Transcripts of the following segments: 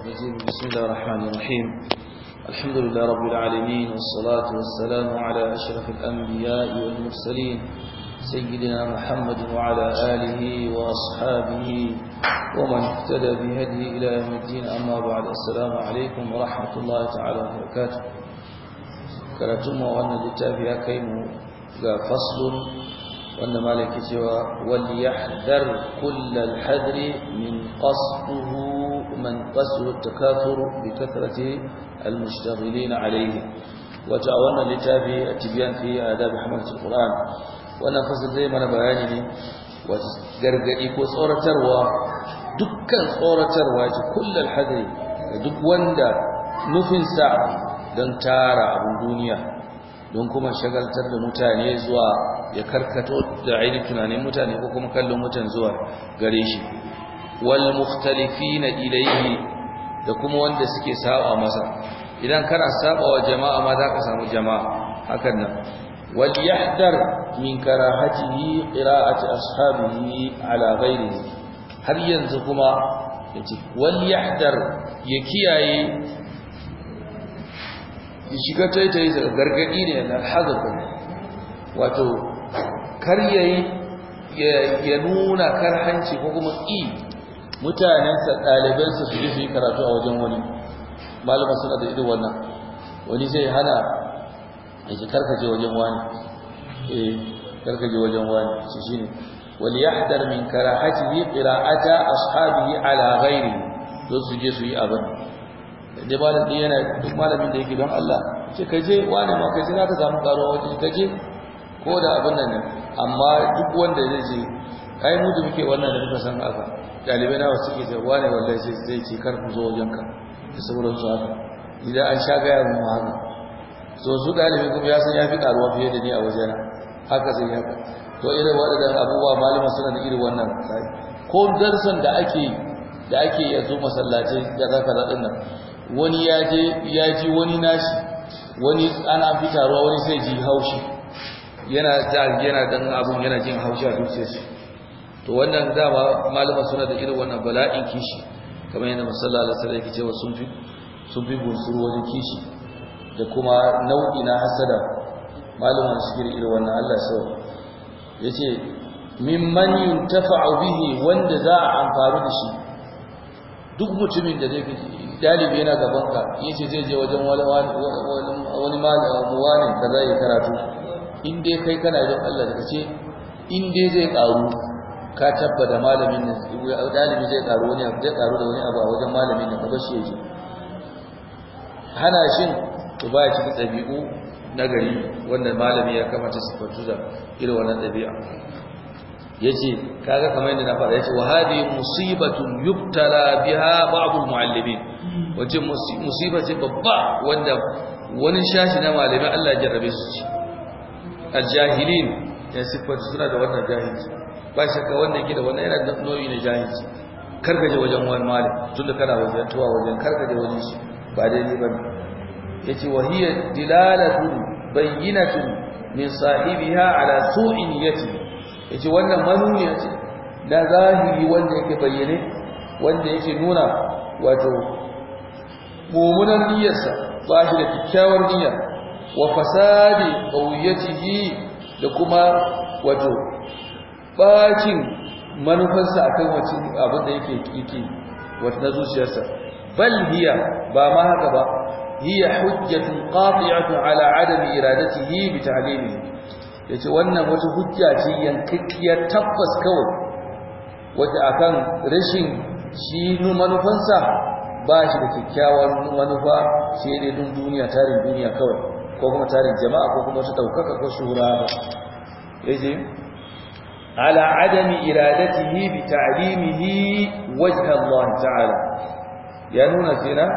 الرجيم بسم الله الرحمن الرحيم الحمد لله رب العالمين والصلاة والسلام على أشرف الأنبياء والمرسلين سيدنا محمد وعلى آله وأصحابه ومن اهتدى بهدي إلى يوم الدين أما بعد السلام عليكم ورحمة الله تعالى وبركاته كرتم وأن لتافي أكيم فصل وأن مالك سوى وليحذر كل الحذر من قصده من قسو التكاثر بكثرة المشتغلين عليه وتعاون لتابي التبيان في آداب حملة القرآن وانا فصل زي ما انا بياني وتجرجئي تروى دكا صورة تروى كل الحذر duk wanda nufinsa don tara abun duniya don kuma shagaltar da mutane zuwa ya karkato da ainihin tunanin mutane ko kuma kallon mutan zuwa gare shi wal mukhtalifina ilayhi da kuma wanda suke saba masa idan kana saba wa jama'a ma za ka samu jama'a hakan nan wal yahdar min karahatihi qira'ati ashabihi ala ghayrihi har yanzu kuma yace wal yahdar ya kiyaye shiga gargadi ne na hazafin wato kar ya nuna ko kuma i mutanensa ɗalibansa su je yi karatu a wajen wani malama suna da irin wannan wani zai hana ya ce karkaje wajen wani eh karkaje wajen wani shi shine wal yahdar min karahatihi qira'ata ashabihi ala ghairi to su je su yi abin da malamin yana duk malamin da yake don Allah ce kaje wani ma kaje za ka samu karuwa wajen kaje ko da abin nan amma duk wanda zai je kai mutu muke wannan da muka san haka dalibai nawa suke da wane ne sai zai ce kar ku zo wajen ka da saboda su haka idan an sha gaya mu haka so su dalibi kuma ya san ya fi karuwa fiye da ni a wajena haka sai haka to irin waɗannan abubuwa malama suna da irin wannan sai ko darsan da ake da ake yanzu masallaci da zaka da dinnan wani ya je ya ji wani nashi wani ana fitarwa wani sai ji haushi yana yana dan abun yana jin haushi a zuciyarsa to wannan dama malama suna da irin wannan bala'in kishi kamar yadda masallah da sallallahu alaihi wasallam sun fi sun fi gunsuru wajen kishi da kuma nau'i na hasada malaman su irin wannan Allah sau min mimman yuntafa'u bihi wanda za a amfani da shi duk mutumin da zai dalibi yana gaban ka yace zai je wajen wani wani malamin kaza ya karatu in dai kai kana jin Allah da ce in dai zai karu ka tabbata malamin nan dalibi zai karu wani abu zai karu da wani abu a wajen malamin nan ba shi yaji hana shi, ku ba shi dabi'u na gari wanda malami ya kamata su fatu da irin wannan dabi'a yace kaga kamar yadda na fara yace wa hadi musibatun yubtala biha ba'd almuallimin wace musiba ce babba wanda wani shashi na malamai Allah ya jarrabe su ci jahilin ya sifatu suna da wannan jahilci ba wanda ke da wannan yana da nau'i na jahilci je wajen wani malam tunda kana wajen tuwa wajen je wajen shi ba dai daidai ba yace wa hiya dilalatu bayyinatu min sahibiha ala su'i niyyati yace wannan manuniya ce da zahiri wanda yake bayyane wanda yake nuna wato mumunan niyyarsa ba shi da kyakkyawar niyya wa fasadi qawiyatihi da kuma wato bacin manufarsa akan wace abin da yake kike wata zuciyarsa bal hiya ba ma haka ba hiya hujjatun qati'atun ala adami iradatihi bi ta'limihi yace wannan wata hujja ce yankakkiyar tabbas kawai wata akan rashin shi nu manufansa ba shi da kyakkyawar manufa sai dai dun duniya tarin duniya kawai ko kuma tarin jama'a ko kuma wata daukaka ko shura ba yace على عدم إرادته بتعليمه وجه الله تعالى يانون كنا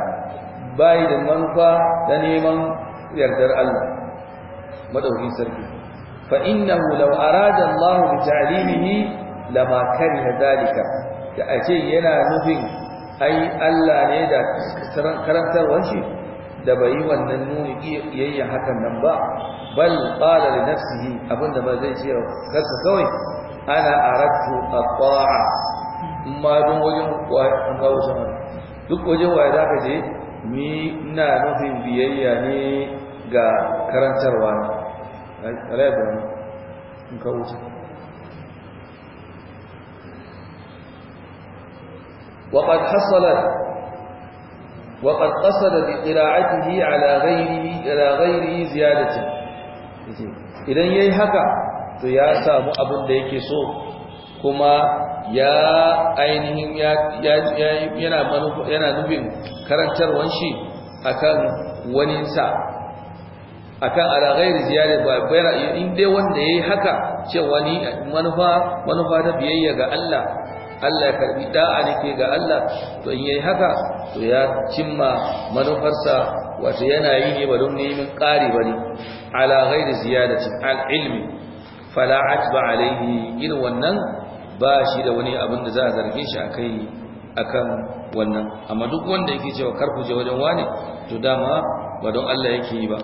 بايد المنفى دنيما يردر الله مدوكي سركي فإنه لو أراد الله بتعليمه لما كره ذلك كأشي ينا نفن أي ألا نيدا كرمتر وانشي دبي وننون يي حكا نبا بل قال لنفسه أبن ما زي شيء كسا كوي أنا أردت الطاعة ما دون وجه الله سمان دوك وجه وعدا كجي مي نا نفهم بيه يعني غا كران تروان ألا يبنى مكوزة وقد حصلت وقد قصد بقراعته على غيره على غيره زيادة إذن يهكى to ya samu abin da yake so kuma ya ainihin yana nufin karantarwan shi akan waninsa akan alaghairi ziyarar ba in dai wanda yi haka cewa ni manufa ta biyayya ga Allah Allah ya karbi da'a nake ga Allah to in yi haka to ya cimma manufarsa wata yanayi ne ba don neman ƙari bane ala ghairi ziyarar cikin al'ilmi fala atba alaihi irin wannan ba shi da wani abin da za a zarge shi akai akan wannan amma duk wanda yake cewa karku je wajen wani to dama ba don Allah yake yi ba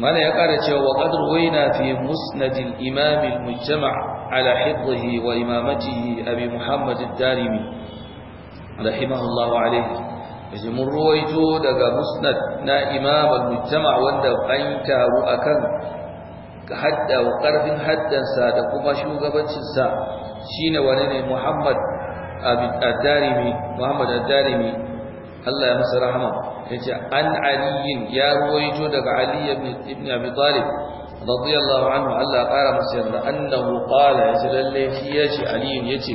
mana ya kara cewa wa qad ruwaina fi musnad al-imam al-mujtama' ala hifdhihi wa imamatihi abi muhammad ad-darimi rahimahullahu alayhi yace mun ruwaito daga musnad na imam al-mujtama' wanda an taru akan hadda wa karfin haddansa da kuma shugabancinsa shine wani ne Muhammad ad-Darimi Muhammad ad-Darimi Allah ya masa rahama yace an aliyin ya ruwaito daga Ali ibn ibn Abi Talib radiyallahu anhu Allah ya ƙara masa yarda annahu qala yace lalle shi yace aliyin yace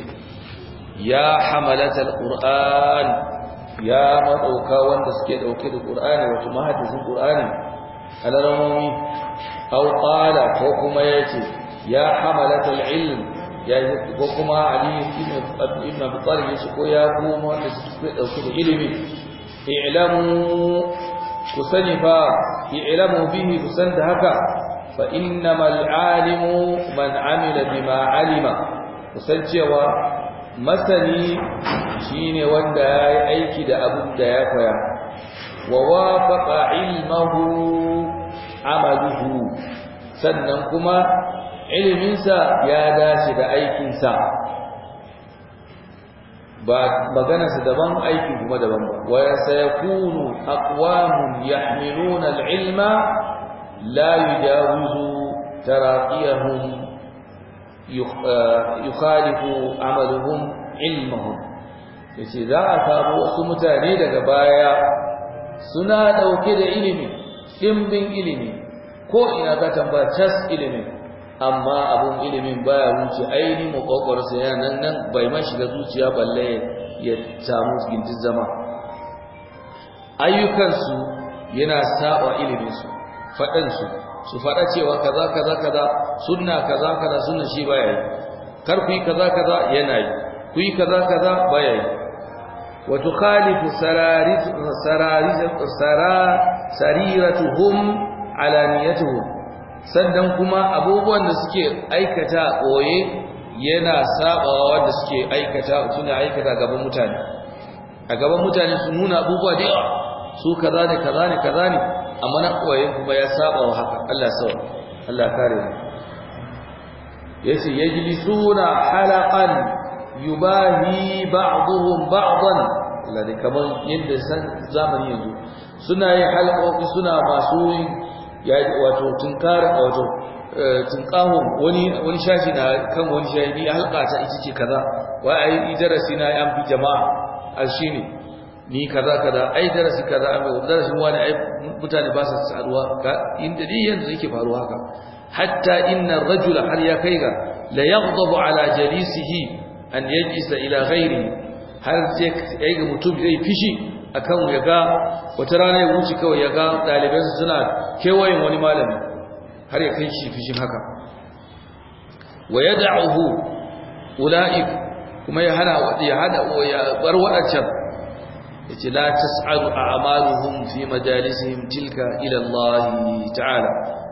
ya hamalat al-Qur'an ya madauka wanda suke dauke da Qur'ani wato mahaddisin Qur'ani alarmomi aw qala ko kuma yace ya hamalatul ilm ya ko kuma ali ibn abi talib yace ko ya kuma wanda suke dauke da ilimi i'lamu ku sani fa i'lamu bihi ku san da haka fa innamal alimu man amila bima alima ku san cewa masani shine wanda ya yi aiki da abin da ya koya wa wafaqa ilmahu amaluhu sannan kuma iliminsa ya dace da aikinsa ba maganarsa daban aiki kuma daban ba wa sayakunu aqwamun yahmiluna al-ilma la yujawizu taraqiyahum eh, yukhalifu amaluhum ilmahum yace za a samu wasu mutane daga baya suna ɗauke da ilimi dimbin ilimi ko ina ta ba just ilimi, amma abun ilimin baya wuce aini makwakwar ya nan nan bai ma shiga zuciya balle ya samu gindin zama ayyukansu yana saba iliminsu faɗansu su faɗa cewa kaza kaza kaza sunna kaza kaza sunna shi baya yi kar ku kaza kaza yana yi ku yi kaza ba baya yi وتخالف سريرتهم على نيتهم سدن kuma abubuwan da suke aikata koye yana sabawa wanda suke aikata suna aikata gaban mutane a gaban mutane su nuna abubuwa da yawa su kaza ne kaza ne kaza ne amma na koye kuma ya sabawa haka Allah sawa Allah kare yace yajlisuna halaqan yubahi ba'dhum ba'dan ladi kaman yadda san zamani yanzu suna yin halqoqi suna masu yin wato tunkar wato eh, tunkahun wani wani shashi na kan wani shayi. ni halqa ta ita ce kaza wai ai darasi na an fi jama'a ashine ni kaza kaza ai darasi kaza ai darasin wani ai mutane ba su saduwa inda dai yanzu yake faruwa haka hatta inna rajula har ya kai ga la yaghdabu ala jalisihi an yajisa ila ghairi har sai ga mutum zai fishi akan ya wata rana ya wuce kawai ya ga ɗalibansa suna kewayen wani malami har ya kai shi fishin haka wa yad'uhu ula'ik kuma ya hana ya hana ya bar wadancan yace la tas'alu a'maluhum fi majalisihim tilka ila Allah ta'ala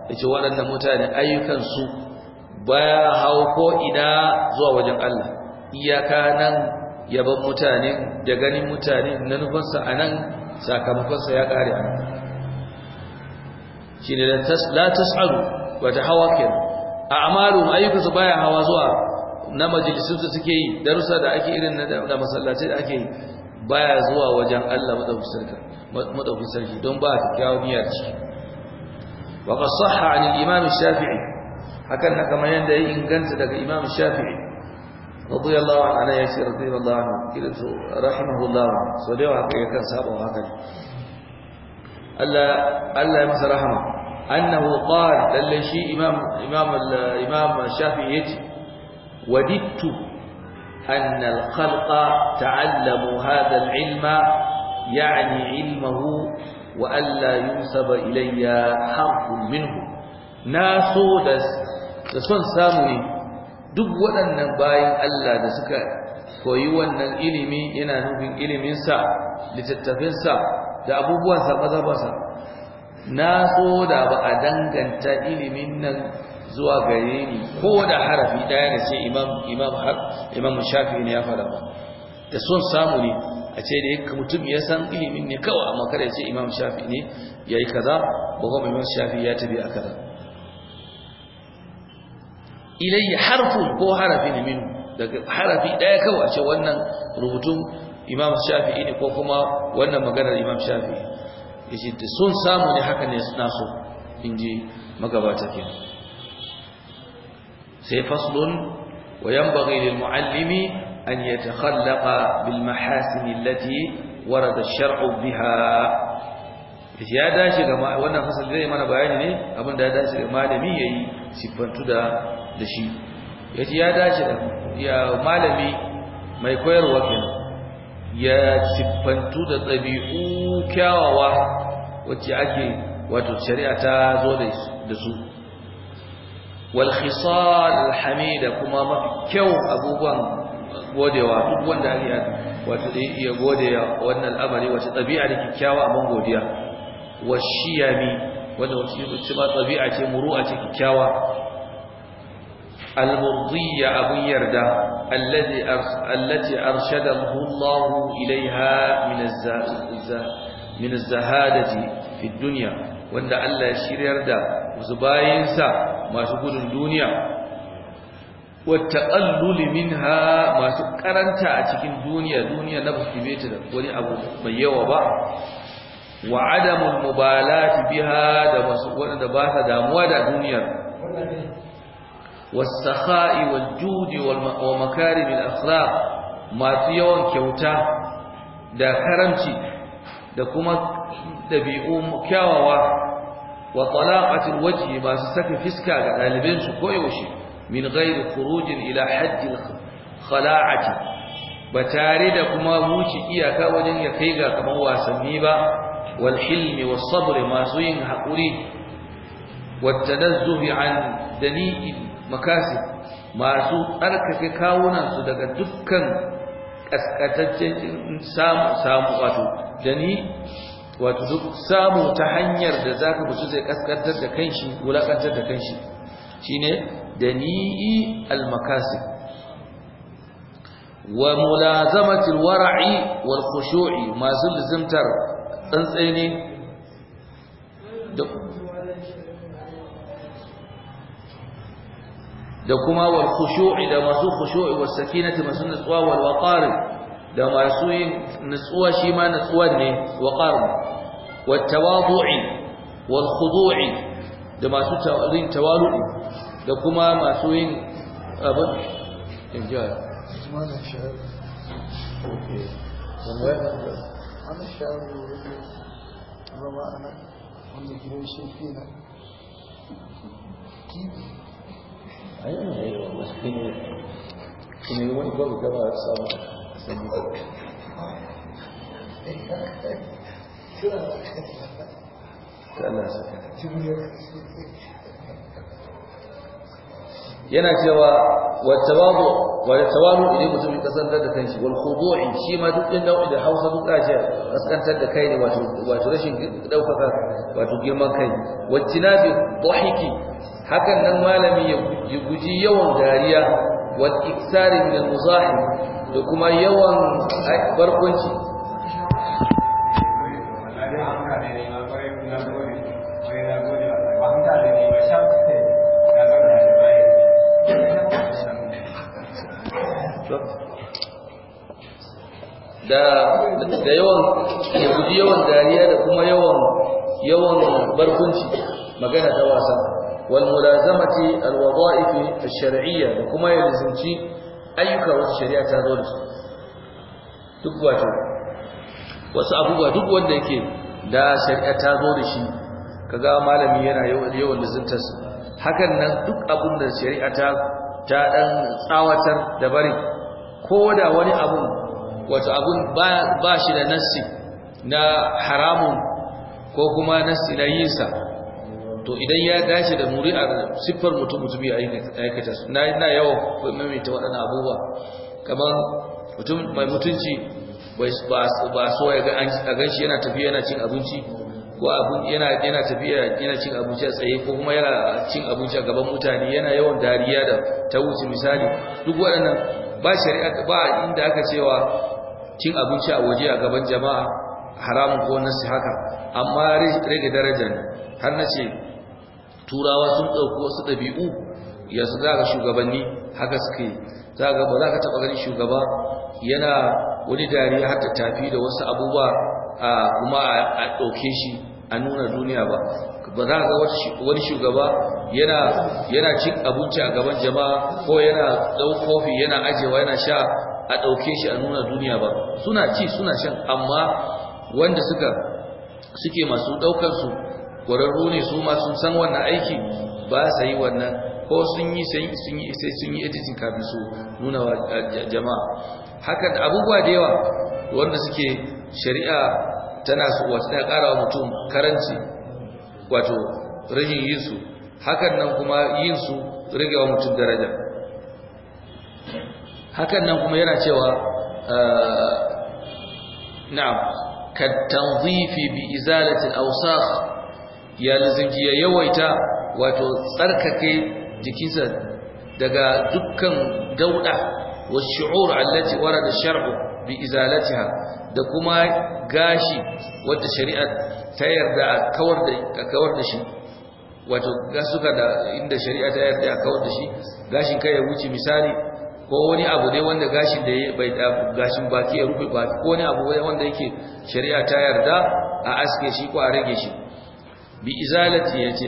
yace waɗannan mutane ayyukan su baya hauko ina zuwa wajen Allah iyaka nan yaban mutane da ganin mutane na nufansa a nan sakamakonsa ya ƙare a shi ne la tas'aru wata hawa ke a amaru ayyukansu baya hawa zuwa na su suke yi darussa da ake irin na masallaci da ake yi baya zuwa wajen Allah madaukakin sarki don ba kyawun niyya ciki wa qasaha sahha 'an al-imam shafi'i hakan na kamar yanda ya inganta daga imam shafi'i رضي الله عنه أنا يشي رضي الله عنه رحمه الله عنه سوليه وحكي يكن سابه وهكذا ألا ألا يمس رحمه أنه قال للي شيء إمام إمام الإمام الشافعي يجي وددت أن الخلق تعلموا هذا العلم يعني علمه وألا ينسب إلي حرف منه ناسو دس دسون سامني duk waɗannan bayan Allah da suka koyi wannan ilimi yana nufin iliminsa littattafinsa da abubuwansa mazabarsa na so da ba a danganta ilimin nan zuwa gare ni ko da harafi ɗaya da ce imam har imam shafi ne ya fara ba da son samu ne a ce da yake mutum ya san ilimin ne kawai amma kada ya ce imam shafi ne ya yi kaza ba kuma imam shafi ya tabi a kaza ilayhi harfun ko harafi ne daga harafi daya kawai ce wannan rubutun imam shafi'i ne ko kuma wannan maganar imam shafi'i yace da sun samu ne haka ne suna so inji magabata ke sai faslun wa yanbaghi lil muallimi an yatakhallaqa bil mahasin allati warada sharu biha ya dace ga wannan fasalin zai mana bayani ne abin da ya dace ga malami yayi siffantu da da shi ya ya dace da ya malami mai koyarwa kenan ya siffantu da ɗabi'u kyawawa wacce ake wato shari'a ta zo da su wal khisal hamida kuma mafi kyau abubuwan godewa duk wanda ake wato da iya godewa wannan al'amari wace tsabi'a da kyakkyawa abin godiya wa shiyami wanda wace ce ma ɗabi'a ce muru'a ce kyakkyawa المرضية أبو يردى الذي التي أرشده الله إليها من من الزهادة في الدنيا وأن الله يشير يردى وزباينسا ما تقول الدنيا والتقلل منها ما تقرنت أتكين دنيا دنيا نبس بيتنا ولي أبو ميوبا وعدم المبالاة بها دا وأن دا داموا دا دنيا والسخاء والجود ومكارم الأخلاق ما في يوم كوتا دا كرمتي دا كما دبيئو كاوا وطلاقة الوجه ما سسك فسكا غالبين سكويوشي من غير خروج إلى حد الخلاعة بتارد كما موشي إياكا وجن يكيغا كما هو سميبا والحلم والصبر ما زين حقوري والتنزه عن دنيء makasi masu tsarkake kawunansu daga dukkan kaskataccen samu samu wato dani wato duk samu ta hanyar da zaka mutu zai kaskantar da kanshi wulakantar da kanshi shine dani'i al-makasi wa mulazamati al-wara'i wal khushu'i masu lizimtar tsantsaye ne da kuma wal khushu'i da masu khushu'i was sakinati masu nutsuwa wal waqar da masu nutsuwa shi ma nutsuwa ne waqar wat tawadu'i wal khudu'i da masu tawadin tawalu da kuma masu yin abin inja أنا الشاعر ayyana ya yi wa shi gaba ya samu yana cewa wattawadu wa tawadu idan mutum ya kasantar da kanshi wal khudu'i shi ma duk din nau'i da Hausa duk kace kaskantar da kai ne wato wato rashin daukaka wato girman kai wajinabi dhahiki hakan nan malami ya guji yawan dariya wal iksari min al muzahim da kuma yawan barkwanci da yawan ya yawan dariya da kuma yawan yawan barkunci magana ta wasa wal mulazamati al wada'if al shar'iyya da kuma ya ayyuka wacce shari'a ta zo da su duk wato wasu abubuwa duk wanda yake da shari'a ta zo da shi kaga malami yana yawan lizintar su hakan nan duk abin da shari'a ta ta dan tsawatar da bari ko da wani abu wato abun ba shi da nassi na haramun ko kuma nassi na yinsa to idan ya dace da muri'ar siffar mutum mutumi a aikata su na yawan maimaita waɗanda abubuwa kamar mutum mai mutunci ba so ya gan shi yana tafiya yana cin abinci ko yana tafiya yana cin abinci a tsaye ko kuma yana cin abinci a gaban mutane yana yawan dariya da ta wuce misali duk waɗannan ba shari'a ba inda aka cewa cin abinci a waje a gaban jama'a haramun ko nasi haka amma rage daraja ne. har na ce turawa sun ɗauko wasu ɗabi'u yanzu za ga shugabanni haka suke za ga ba za ka taɓa ganin shugaba yana wani dariya har ta tafi da wasu abubuwa kuma a ɗauke shi a nuna duniya ba ba za ga wani shugaba yana cin abinci a gaban jama'a ko yana ɗau kofi yana ajewa yana sha a ɗauke shi a nuna duniya ba suna ci suna shan amma wanda suka suke masu ɗaukarsu ƙwararru ne su masu san wannan aiki ba sa yi wannan ko sun yi sai sun yi editing kafin su nuna jama'a haka da abubuwa da yawa wanda suke shari'a tana su wata ta ƙara wa mutum karanci wato rashin yinsu, su hakan nan kuma yin su wa mutum daraja hakan nan kuma yana cewa ah, na'am ka tanzifi bi izalati al-awsakh ya lazimci ya yawaita wato tsarkake jikinsa daga dukkan dauda wa shu'ur allati warada shar'u bi izalatiha da kuma gashi wanda shari'a ta yarda a kawar da kawar da shi wato gasuka da inda shari'a ta yarda a kawar da shi gashin kai ya wuce misali ko wani abu ne wanda gashin da bai gashin baki ya rufe baki ko wani abu wanda yake shari'a ta yarda a aske shi ko a rage shi bi izalati yace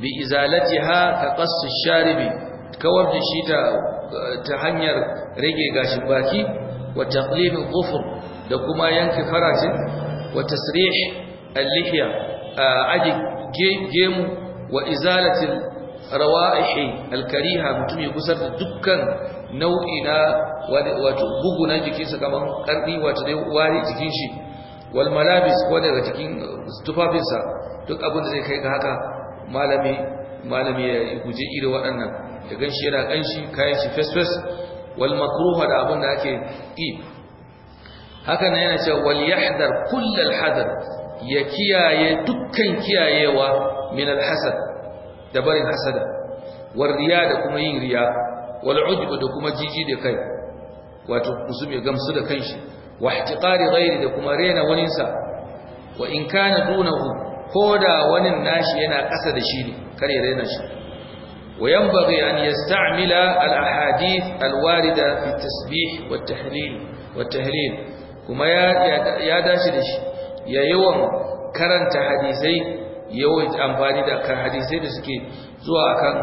bi izalatiha ka qassu sharibi kawar da shi ta ta hanyar rage gashin baki wa taqlim al-qufr da kuma yanke farajin wa tasrih al-lihya aji gemu wa izalati rawa'ihi al-kariha mutum ya gusar da dukkan nau'i na wato bugu na jikinsa kamar karfi wato dai wari jikin shi wal malabis ko daga jikin tufafinsa duk abin da zai kai ga haka malami malami ya guje irin waɗannan ya ganshi yana kanshi kayan shi fesfes fes wal makruha da abin da ake ki haka nan yana cewa wal yahdar kullal hadar ya kiyaye dukkan kiyayewa min al hasad da barin hasada war riya da kuma yin riya wal ujub da kuma jiji da kai wato kusum ya gamsu da kanshi wa ihtiqari ghairi da kuma rena wani sa wa in kana dunahu koda wani nashi yana kasa da shi ne kar ya rena shi wa yanbaghi an yasta'mila al ahadith al warida fi tasbih wa tahlil wa tahlil kuma ya ya dace da shi ya yawan karanta hadisai yawan amfani da kan hadisai da suke zuwa akan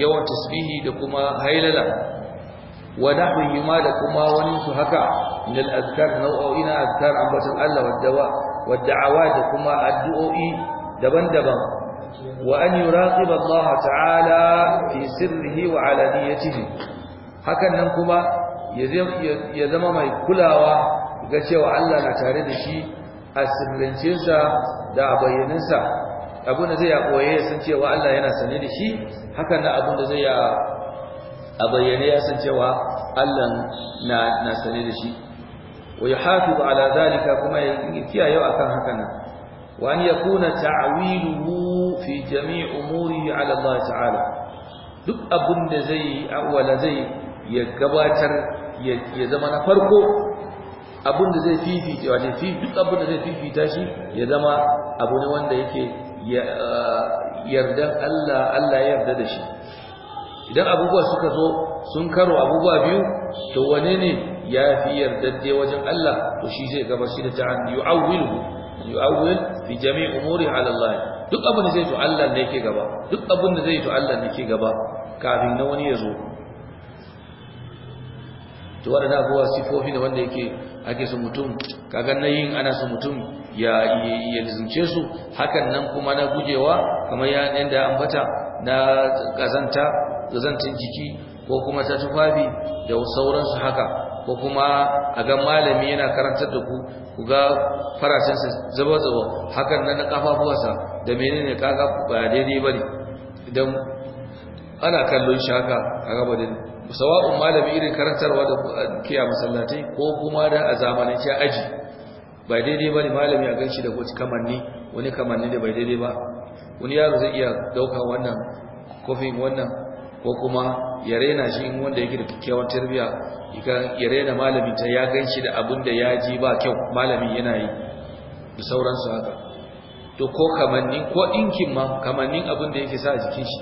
yawan tasbihi da kuma hailala wa nahwihi ma da kuma wani su haka azkar nau'o'ina azkar ambatan Allah wa dawa wa da'awa da kuma addu'o'i daban-daban wa an Allah ta'ala fi sirrihi wa alaniyatihi hakan nan kuma ya zama mai kulawa ga cewa Allah na tare da shi a sirrincinsa da a bayyaninsa abin da zai ya koye ya san cewa Allah yana sane da shi hakan na abin da zai ya a bayyane ya san cewa Allah na na sane da shi wa ba ala zalika kuma ya kiyaye akan hakan nan wa an kuna ta'wiluhu fi jami' umurihi ala Allah ta'ala duk abin da zai awwala zai ya gabatar ya zama na farko abin da zai fifita wato duk abin da zai fifita shi ya zama abu ne wanda yake Uh, yarda Allah Allah yarda da shi idan abubuwa suka zo sun karo abubuwa biyu to wane ne ya fi yarda yardadde wajen Allah to shi zai gaba shi da ta'an yu'awwilu yu'awwil fi jami'i umuri ala Allah duk abin da zai to Allah ne yake gaba duk abin da zai to Allah ne yake gaba kafin na wani ya zo to wadannan abubuwa sifofi ne wanda yake ake su mutum ka na yin ana su mutum ya ya su hakan nan kuma na gujewa kamar yadda da ambata na kazanta kazantin jiki ko kuma ta tufafi da sauransu haka ko kuma a ga malami yana karantar da ku ku ga faracensa zaba-zaba hakan nan na kafafuwarsa da menene kaga ba daidai bane idan ana kallon shi haka kaga ba sawa'un malami irin karantarwa da kiya masallatai ko kuma da a zamanin zamanance aji ba daidai ba ne malami a ganshi da wata kamanni wani kamanni da bai daidai ba wani yaro zai iya dauka wannan kofin wannan ko kuma ya rena shi in wanda yake da kyakkyawar tarbiyya ya rena malami ta ya ganshi da abin da ya ji ba kyau malami yana yi da sauransu haka to ko kamanni ko ɗinkin ma kamannin abin da yake sa a jikin shi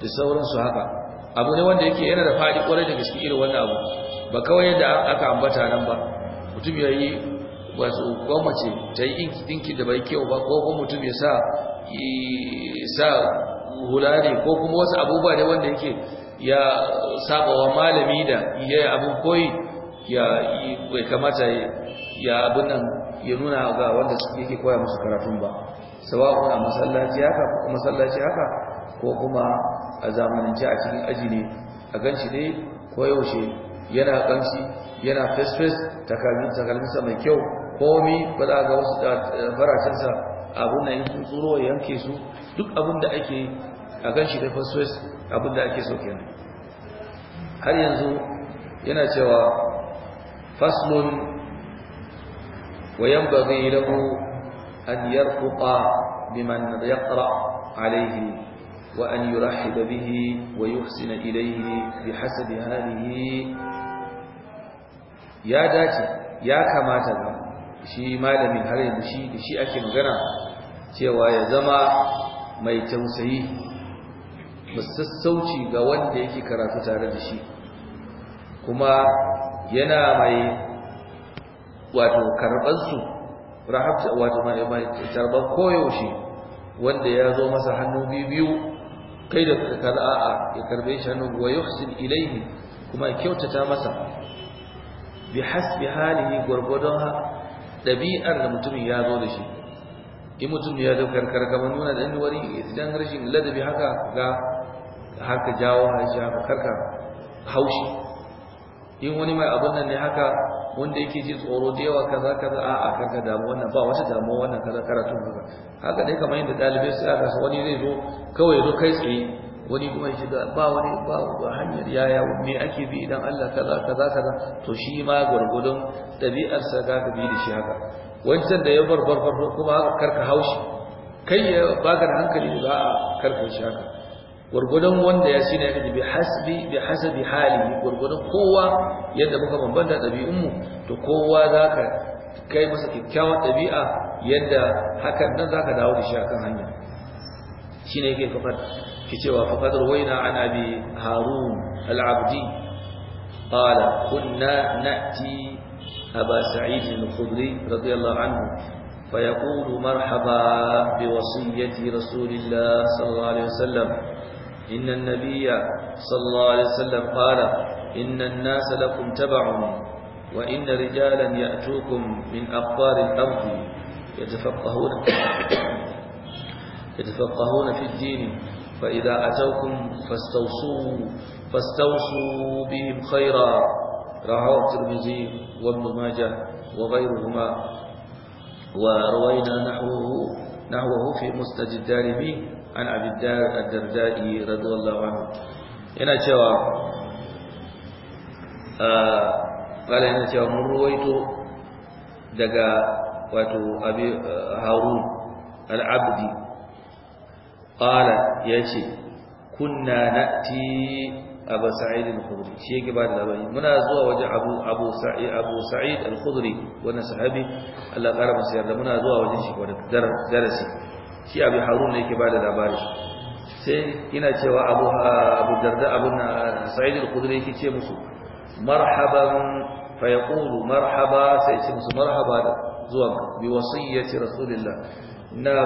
da sauransu haka abu ne wanda yake yana da faɗi ƙwarai da gaske irin wannan abu ba kawai yadda aka ambata nan ba mutum ya yi wasu gwamnati ta yi inki da bai kyau ba ko kuma mutum ya sa sa hula ne ko kuma wasu abubuwa ne wanda yake ya saba wa malami da ya yi abin koyi ya kamata ya abin nan ya nuna ga wanda yake koya musu karatun ba sawa'un kuma masallaci haka ko kuma a zamanance a cikin aji ne a ganci dai koyaushe yana kanshi yana fesfes takalminsa mai kyau komi ba za ga wasu eh, faracinsa abin da yin tsoro ya yanke su duk abin da ake a ganci dai fesfes abin da ake so kenan har yanzu yana cewa faslun وينبغي له أن da بمن يقرأ عليه وأن يرحب به ويحسن إليه بحسب هذه يا داتي يا كما تذا shi malamin har ya shi da shi ake magana cewa ya zama mai tausayi musassauci ga wanda yake karatu tare da shi kuma yana mai wato karbansu rahab wato mai tarban koyaushe wanda ya zo masa hannu biyu kai da kuka kaza a'a ya karbe shi hannu wa yuhsin ilayhi kuma ya kyautata masa bi hasbi halihi gurgudun dabi'ar da mutumin ya zo da shi in mutum ya zo karkar kamar nuna da wani idan rashin ladabi haka ga haka jawo haka karkar haushi in wani mai abin nan ne haka wanda yake ji tsoro da yawa kaza kaza a a kanka damu wannan ba wata damuwa wannan kaza karatun kaza haka dai kamar yadda dalibai su kasa. wani zai zo kawai zo kai tsaye wani kuma ya shiga ba wani ba hanyar yaya me ake bi idan Allah kaza kaza kaza to shi ma gwargwadon ɗabi'arsa za ka bi da shi haka wancan da ya barbar farko kuma haka karka haushi kai ya baka da hankali ba a karka shi haka gurgudan wanda ya shine ya bi hasbi bi hasabi halihi kowa yadda muka bambanta dabi'unmu mu to kowa zaka kai masa kyakkyawar dabi'a yadda hakan nan zaka dawo da shi akan hanya shine yake kafar ki cewa fa qadar waina an abi harun al-abdi qala kunna na'ti aba sa'id al-khudri radiyallahu anhu فيقول مرحبا بوصية رسول rasulillah sallallahu alaihi عليه إن النبي صلى الله عليه وسلم قال إن الناس لكم تبع وإن رجالا يأتوكم من أقطار الأرض يتفقهون يتفقهون في الدين فإذا أتوكم فاستوصوا فاستوصوا بهم خيرا رواه الترمذي وابن ماجه وغيرهما وروينا نحوه نحوه في مسند الدارمي an abi dardai radiyallahu anhu yana cewa qala yana cewa mun ruwaito daga wato abi harun al-abdi qala yace kunna na'ti abu sa'id al-khudri shi yake ba da labari muna zuwa wajen abu abu sa'id abu sa'id al-khudri wannan sahabi Allah ya masa yarda muna zuwa wajen shi wanda darasi shi abu harun ne yake bada labari sai yana cewa abu abu darda abu na sa'id al-khudri yake ce musu marhaban fa yaqulu marhaba sai ce musu marhaba da zuwa bi wasiyyati rasulillah ina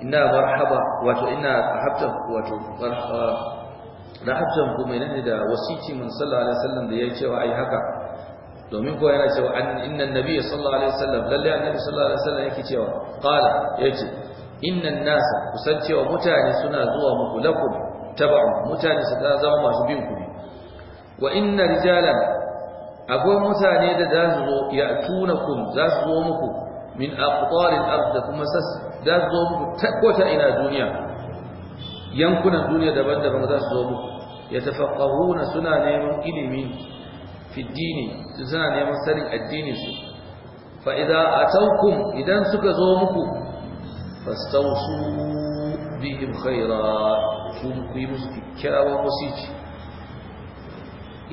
ina marhaba wato ina habtan wato na habtan ku menene da wasiti mun sallallahu alaihi wasallam da yake cewa ai haka domin ko yana cewa innan nabiyyi sallallahu alaihi wasallam lalle annabi sallallahu alaihi wasallam yake cewa qala yace innan nasa kusancewa mutane suna zuwa muku lakum taba'u mutane su ta zama masu bin ku ne wa inna rijalan akwai mutane da za su zo ya tuna ya'tunakum za su zo muku min aqtaril ard da kuma sas za su zo muku ta ina duniya yankunan duniya daban-daban za su zo muku yatafaqqahuna suna neman ilimi fi dini suna neman sanin addinin su fa idza atawkum idan suka zo muku fastawsu bihim khaira kun ku yi musu kyakkyawan wasiki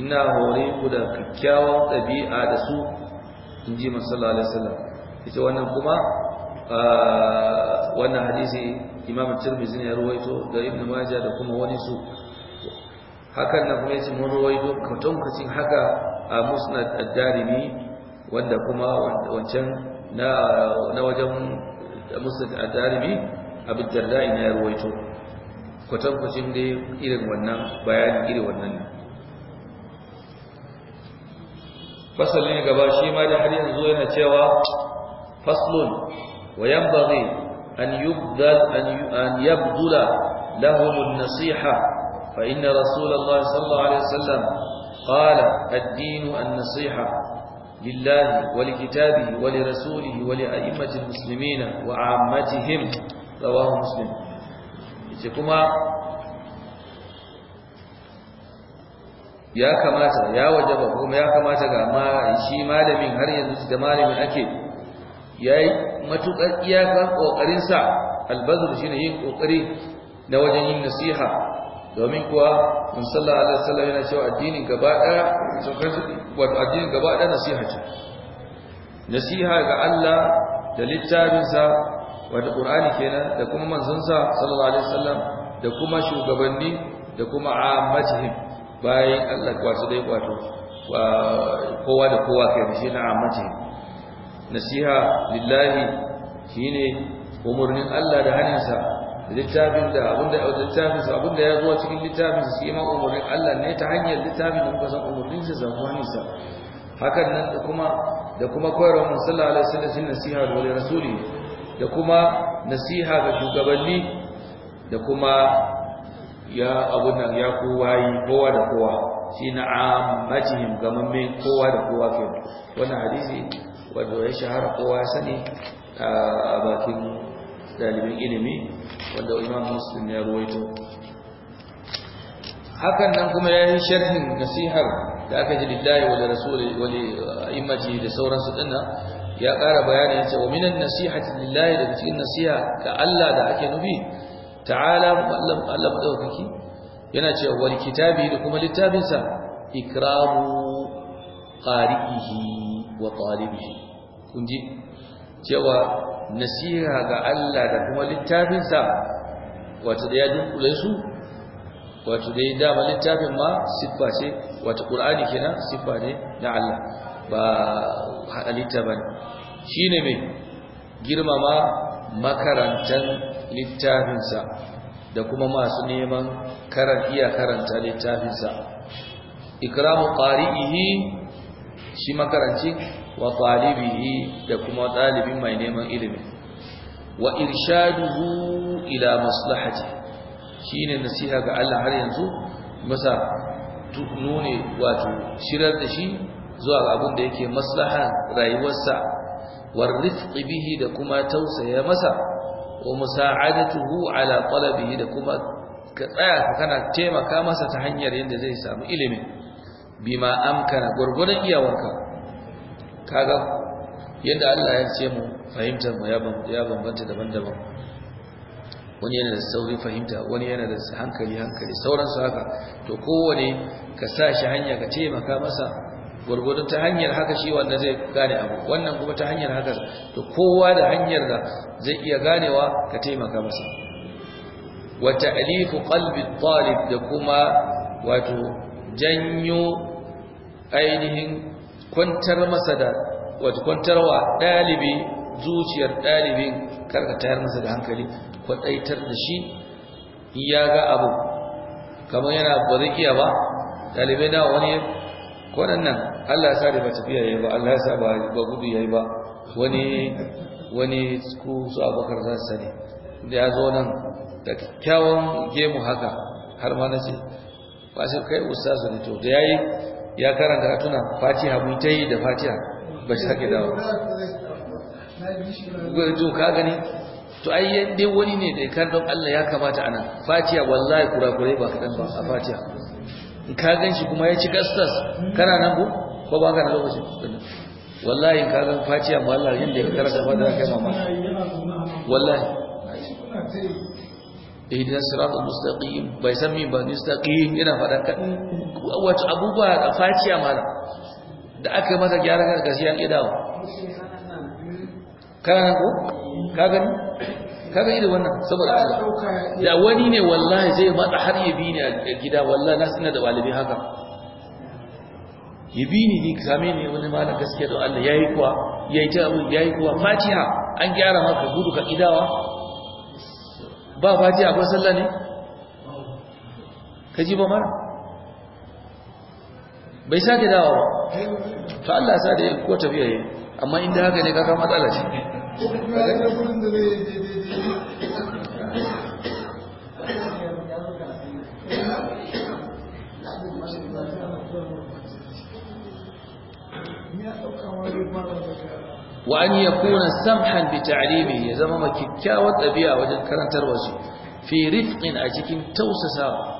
ina hore ku da kyakkyawan ɗabi'a da su in ji masallah alaihi wasallam ita wannan kuma wannan hadisi imam tirmidhi ne ya ruwaito da ibn majah da kuma wani su hakan na kuma yace mun haka a musnad ad-darimi wanda kuma wancan na wajen da musul a daribi abin jarda'i na ya ruwaito kwatankwacin da irin wannan bayan irin wannan ne fasalin gaba shi ma da har yanzu yana cewa faslun wa yanbaghi an yubdal an yabdula lahum nasiha fa inna rasulullah sallallahu alaihi wasallam qala ad-din an-nasiha لله ولكتابه ولرسوله ولأئمة المسلمين وعامتهم رواه مسلم كما ya kamata ya wajaba kuma ya kamata ga ma shi malamin har yanzu da malamin ake yayi matukar iyakar kokarin sa albazur shine yin kokari na wajen yin nasiha domin kuwa musalla alaihi wasallam yana cewa addinin gaba daya wato addinin gaba daya nasiha ce nasiha ga Allah da littafinsa wato ƙur'ani kenan da kuma manzonsa sallallahu alaihi wasallam da kuma shugabanni da kuma ammatihim bayan Allah kwasu dai wato kowa da kowa kai shi na ammatihim nasiha lillahi shine umurnin Allah da haninsa littafin da abinda littafin sa abinda ya zo cikin littafin sa shi ma umarnin Allah ne ta hanyar littafin da muka san umarnin sa zakuwani sa hakan nan da kuma da kuma koyarwar mun sallallahu alaihi wasallam shi nasiha da wani rasuli da kuma nasiha ga shugabanni da kuma ya abun nan ya kowa yi kowa da kowa shi na ammatihim gamamme kowa da kowa ke wannan hadisi wanda ya shahara kowa sani a bakin dalibin ilimi wanda imam muslim ya ruwaito hakan nan kuma ya yi sharhin nasihar da aka ji lillahi wa rasuli wa imaji da sauransu dinnan ya ƙara bayanin wa minan nasihati lillahi da cikin nasiha ga Allah da ake nufi ta'ala Allah Allah madaukaki yana cewa wal kitabi da kuma littafinsa ikramu qari'ihi wa talibihi kun ji cewa nasiha ga Allah da kuma littafinsa wato da ya dunkule su wato da ya dama littafin ma siffa ce wato Qur'ani kenan siffa ne na Allah ba halitta bane shine mai girmama makarantan littafinsa da kuma masu neman karan iya karanta littafinsa ikramu qari'ihi shi makarantin wa talibihi da kuma talibin mai neman ilimi wa irshaduhu ila maslahati shine nasiha ga Allah har yanzu masa nune wato shirar da shi zuwa ga abin da yake maslaha rayuwarsa war rifqi bihi da kuma tausaya masa wa musa'adatuhu ala talabihi da kuma ka tsaya kana taimaka masa ta hanyar yadda zai samu ilimi bima amkana gurgurdan iyawarka kaga yadda Allah ya ce mu fahimtar mu ya bambanta daban-daban wani yana da saurin fahimta wani yana da hankali hankali sauransu haka to kowane ka sa shi hanya ka taimaka masa gurgudun ta hanyar haka shi wanda zai gane abu wannan kuma ta hanyar haka to kowa da hanyar da zai iya ganewa ka taimaka masa wa ta'lifu qalbi talib da kuma wato janyo ainihin kwantar masa da wato kwantarwa ɗalibi zuciyar ɗalibin karka tayar masa da hankali kwaɗaitar da shi in ya ga abu kamar yana ba iya ba ɗalibai na wani nan? allah ya sa da ba tafiya ya yi ba allah ya sa ba gudu ya yi ba wani wani ku su abokan za su sani da ya zo nan da kyakkyawan gemu haka har ma na ce ba shi kai ustazu ne to da ya yi ya karanta a tuna fatiha mun ta yi da fatiha ba shi sake dawo to ka gani to ai dai wani ne da ya kan don Allah ya kamata ana fatiha wallahi kurakure ba kaɗan ba a fatiha in ka gan shi kuma ya ci gastas kana nan ko ko ba ka na lokaci wallahi ka gan fatiha ma Allah yadda ya karanta fatiha da kai mama wallahi ihdina siratal mustaqim bai san min ba mustaqim Ina fada kadin mm, mm, wato abubuwa da faciya mala da aka yi masa gyara ga gaskiya an kidawo kana ko ka gani ka ga irin wannan saboda Allah da wani ne wallahi zai matsa har ya bi ni a gida wallahi na sanar da walibi haka ya bi ni ni kame ni wani malam gaskiya da Allah yayi kuwa yayi ta yayi kuwa faciya an gyara maka gudu ka kidawa ba fatiha akwai sallah ne ka ji ba mara bai sake dawo ba fa Allah sa da ko tafiya yi amma inda haka ne kaka kama matsala ce wa an yakuna samhan bi ta'limi ya zama kyakkyawar ɗabi'a wajen karantarwa wasu fi rifqin a cikin tausasawa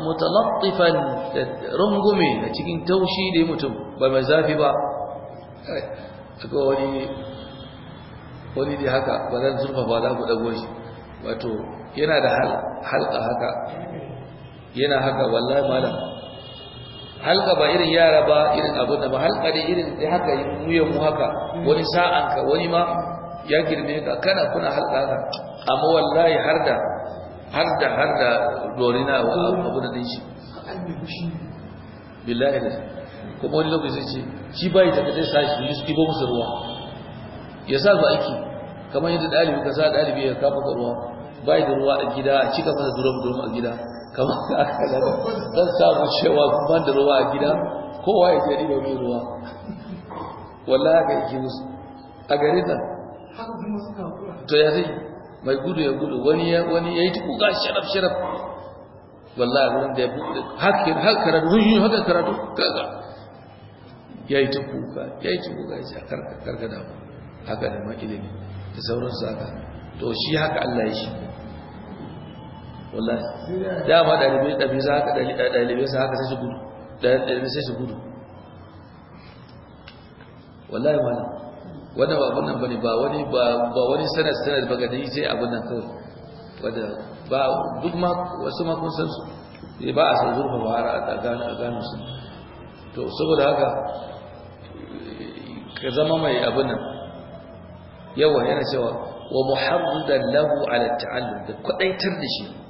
mutalaffifan rungume a cikin taushi da mutum ba mai zafi ba wani wani da haka ba zan za ku dago shi wato yana da halka haka yana haka wallahi malam halka ba irin yara ba irin abu da ba halka ne irin da haka yi muyan mu haka mm. wani sa'an ka wani ma ya girme ka kana kuna halka haka amma wallahi har da har da har da dorina wa abu da dinshi billahi ne kuma wani lokaci sai ce shi bai da kace sa shi yusu ibo musu ruwa ya sa ba aiki kamar yadda dalibi ka sa dalibi ya kafa ruwa bai da ruwa a gida a cika fasa durom durom a gida kamar da aka gada zan samu cewa ban da ruwa a gida kowa ya jari da mai ruwa Walla ga yake musu a gare ta to ya zai mai gudu ya gudu wani ya wani yayi ta kuka sharaf sharaf wallahi gurin da ya buɗe hakin hakara ruhin haka karatu kaga yayi ta kuka yayi ta kuka ya karkada haka da ma da sauransu haka to shi haka Allah ya shi wallahi dama dalibai dabi za ka dalibai sa haka sai su gudu dalibai sai su gudu wallahi malam wannan ba abun nan bane ba wani ba wani sanad sanad ba gani sai abun nan kawai wanda ba duk ma wasu ma kun san su eh, ba a san zurfa ba har a gano a gano su to saboda haka ka zama mai abun nan yawa yana cewa wa muharridan lahu ala ta'allum da kwadaitar da shi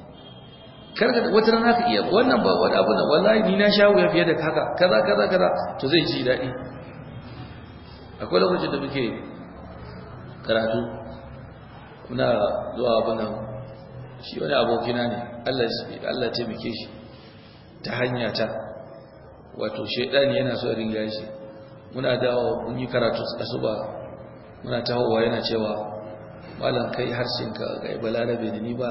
karka wata rana ka iya wannan ba wani abu na wallahi ni na sha wuya fiye da haka kaza kaza kaza to zai ji daɗi akwai lokacin da muke karatu muna zuwa abu shi wani abokina ne Allah ya muke shi ta hanya ta wato shaidani yana so ringa shi muna dawo mun yi karatu asuba muna tahowa yana cewa malam kai ka ga balarabe ne ni ba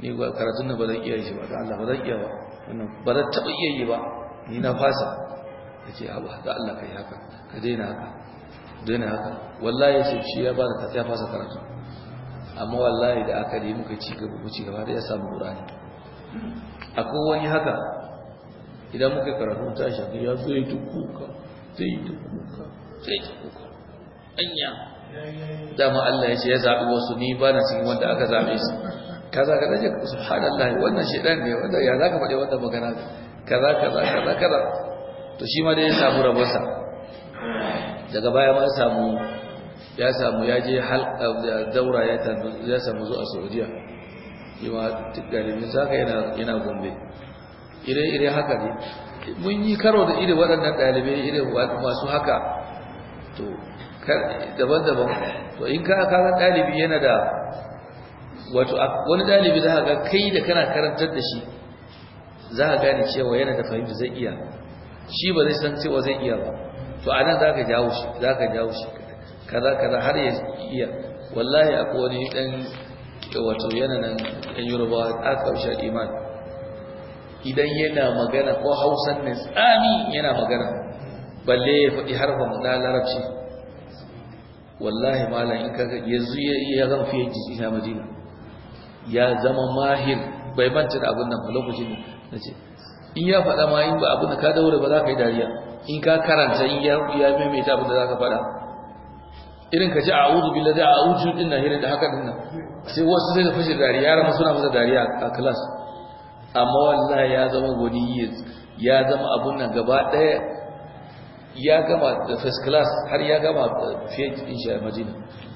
ni ba karatun nan ba zan iya shi ba da Allah ba zan iya ba wannan ba zan taɓa iya yi ba ni na fasa yace ce abu da Allah ka yi haka ka daina haka daina haka wallahi sai shi ya bada da ya fasa karatu amma wallahi da aka yi muka ci gaba ku ci gaba da ya samu Qur'ani akwai wani haka idan muka karatu ta shafi ya zo ya tukuka sai tukuka sai tukuka anya dama Allah ya ce ya zaɓi wasu ni ba na cikin wanda aka zabe su kaza kaza ce subhanallahi wannan shedan ne wanda ya zaka faɗi wannan magana kaza kaza kaza kaza to shi ma dai ya samu rabonsa daga baya ma samu ya samu ya je hal daura ya ya samu zuwa saudiya shi ma galibin zaka yana gombe ire-ire haka ne mun yi karo da iri waɗannan ɗalibai iri masu haka to daban-daban to in ka kaga ɗalibi yana da wato wani dalibi za ga kai da kana karantar da shi za ka gane cewa yana da fahimta zai iya shi ba zai san cewa zai iya ba to a nan za ka jawo shi za ka jawo shi kaza kaza har ya iya wallahi akwai wani dan wato yana nan dan yoruba a kaushe iman idan yana magana ko hausan ne tsami yana magana balle ya faɗi harfin na larabci wallahi malam in kaga yanzu ya zama fiye jiki na madina ya zama mahir bai manta da abin nan lokaci lokacin da in ya faɗa ma in ba abin da ka daure ba za ka yi dariya in ka karanta in ya maimaita abin da za ka faɗa irin ka ji a billahi a'udhu lada a din nan da haka din nan sai wasu sai da fashe dariya yara ma suna masa dariya a class amma wallahi ya zama godi ya zama abun nan gaba ɗaya ya gama da first class har ya gama fiye eh, in sha majina. madina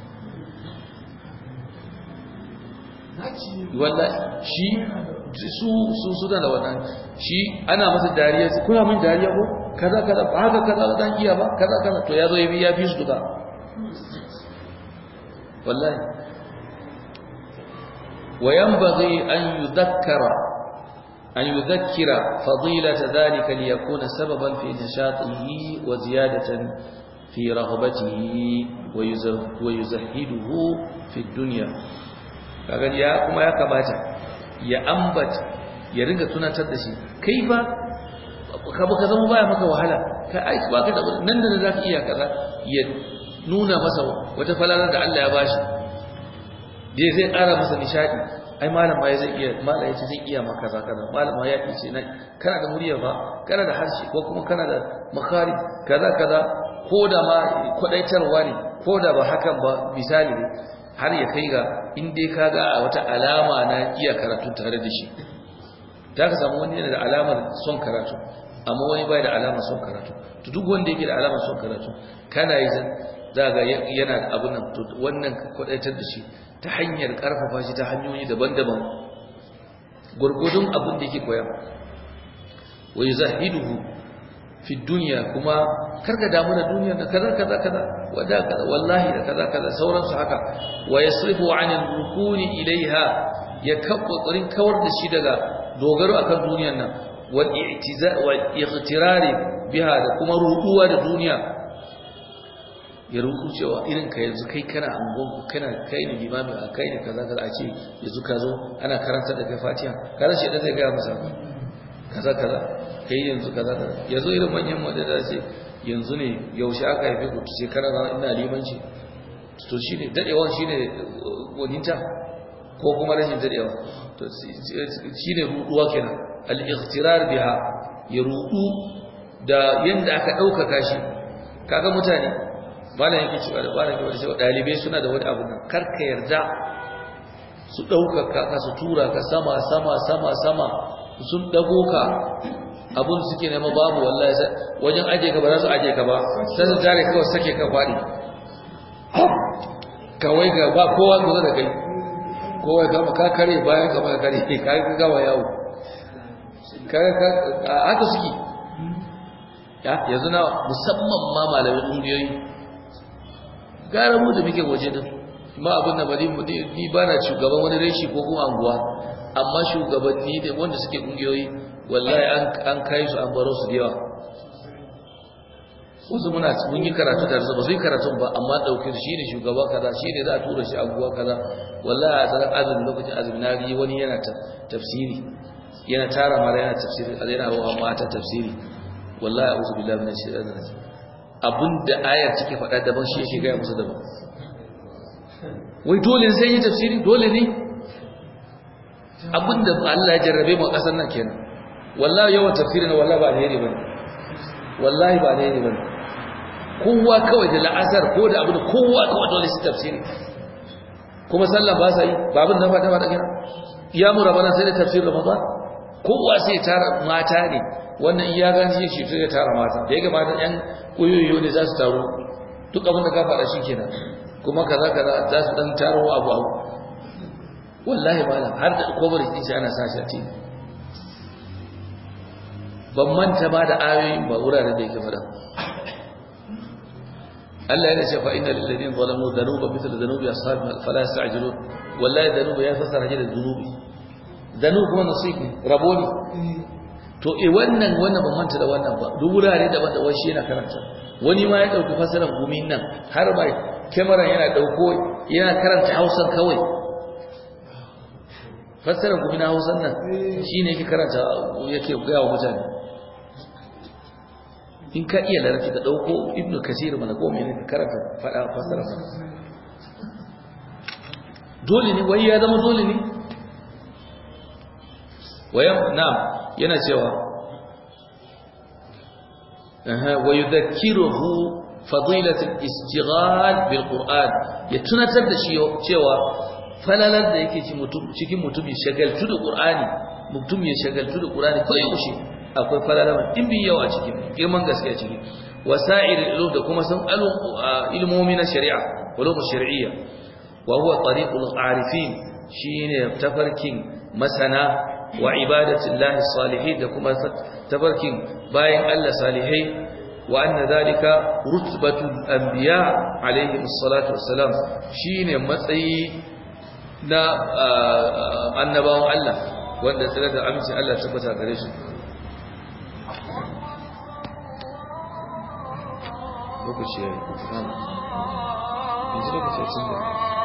wallahi shi su su suna da wannan shi ana masa dariya su kuna min dariya ko kaza kaza ba haka kaza ba dan iya ba kaza kaza to ya zo ya bi ya bi su duka wallahi وينبغي أن يذكر أن يذكر فضيلة ذلك ليكون سببا في نشاطه وزيادة في رغبته ويزهده في الدنيا kaga ya kuma ya kamata ya ambata ya riga tunatar da shi kai ba ka ba ka zama baya maka wahala ka aiki ba ka nan da za ka iya kaza ya nuna masa wata falalar da Allah ya bashi dai zai ƙara masa nishadi ai malam ma zai iya malam ce zai iya maka kaza kaza malam ma ya ce na kana da murya ba kana da harshe ko kuma kana da makari kaza kaza ko da ma kwadaitarwa ne ko da ba hakan ba misali ne har ya kai ga in ka ga a wata alama na iya karatu tare da shi za ka samu wani yana da alamar son karatu amma wani bai da alamar son karatu to duk wanda yake da alamar son karatu kana yi zan za ga yana da abin nan To wannan kwadaitar da shi ta hanyar karfafa shi ta hanyoyi daban-daban gurgudun abin da yake koya wa yuzahiduhu fi duniya kuma karka damu da duniyar da kaza kaza kaza wada kaza wallahi da kaza kaza sauransu haka wa yasrifu anil rukuni ilaiha ya kabbarin kawar da shi daga dogaro akan duniyar nan Wa i'tiza wal ightirari biha da kuma ruduwa da duniya ya ruku cewa irin ka yanzu kai kana angon kana kai ne limami a kai ne kaza kaza a ce yanzu ka zo ana karanta daga fatiha kaza shi dan zai ga masa kaza kaza kai yanzu kaza kaza yanzu irin manyan mata da ce yanzu ne yaushe aka haife ku kana na ina limanci to shine dadewa shine uh, gwaninta ko kuma rashin dadewa to shine ruduwa kenan al ikhtirar biha ya rudu da yanda aka dauka shi kaga mutane bana yake cewa da bana yake cewa dalibai suna da wani abu nan karka yarda su dauka ka su tura ka sama sama sama sama sun dago ka abun suke nema babu wallahi wajen aje ka ba za su aje ka ba sai su tare kawai sake ka fadi kawai ga ba kowa guza da kai kowa ga ka kare bayan ka ba kare ka ga gawa yawo ka aka suke ya yanzu na musamman ma malamin ungiyoyi gara mu da muke waje din ma abin da bari mu ni bana shugaban wani reshi ko kuma anguwa amma shugabanni ne wanda suke ƙungiyoyi, wallahi an kai su an baro su da yawa wasu muna mun yi karatu da ba su yi karatun ba amma ɗauki shi ne shugaba kaza shi ne za a tura shi abubuwa kaza wallahi a tsarar azumi lokacin azumi na biyu wani yana tafsiri yana tara mara yana tafsiri a yana wa mata tafsiri wallahi a wasu billahi na shirin da abin da ayar take faɗa daban shi yake gaya musu daban wai dole sai yi tafsiri dole ne abinda Allah ya jarrabe mu kasar nan kenan wallahi yawan tafsirin wallahi ba ne bane wallahi ba ne bane kowa kawai da la'asar ko da abin kowa kawai dole shi tafsiri kuma sallah ba sai yi babin na fata ba da ya mu rabana sai da tafsirin ba? kowa sai tara mata ne wannan iya gani shi shi sai tara mata da yake mata yan kuyoyo ne za su taro duk abin da ka faɗa shi kenan kuma kaza kaza za su dan taro abu abu wallahi malam har da kobar din sai ana sa shi ban manta ba da ayoyin ba wuraren da yake fada Allah ya yana cewa innal ladina zalamu dhanuba mithla dhanubi ashabin fala yasta'jilun wallahi dhanuba ya fasara shi da dhunubi dhanu kuma nasibi rabo ne to e wannan wannan ban manta da wannan ba duk wurare da banda wani yana karanta wani ma ya dauki fasaran gumin nan har bai kamera yana dauko yana karanta Hausa kawai fassara kuma na hausan nan shi ne yake karanta yake gaya wa mutane in ka iya larabci ka ɗauko ibnu kasir mana ko mene ka karanta faɗa fassara sa dole ne wai ya zama dole ne wayan na yana cewa ويذكره فضيلة الاستغال بالقرآن يتنتر da cewa falalar da yake cikin ya shagaltu da ƙur'ani mutum ya shagaltu da ƙur'ani ko yaushe akwai falalar mai ɗimbin yawa cikin girman gaskiya cikin wasa'ir ilm da kuma san ilmomi na shari'a ulum shar'iyya wa huwa tariqul arifin ne tafarkin masana wa ibadatillahi salihin da kuma tafarkin bayan Allah salihai wa anna dhalika rutbatul anbiya alaihi salatu wassalam shine matsayi na annabawan Allah wanda tsira da amincin Allah tabbata gare shi lokaci ya yi yanzu lokaci ya cin da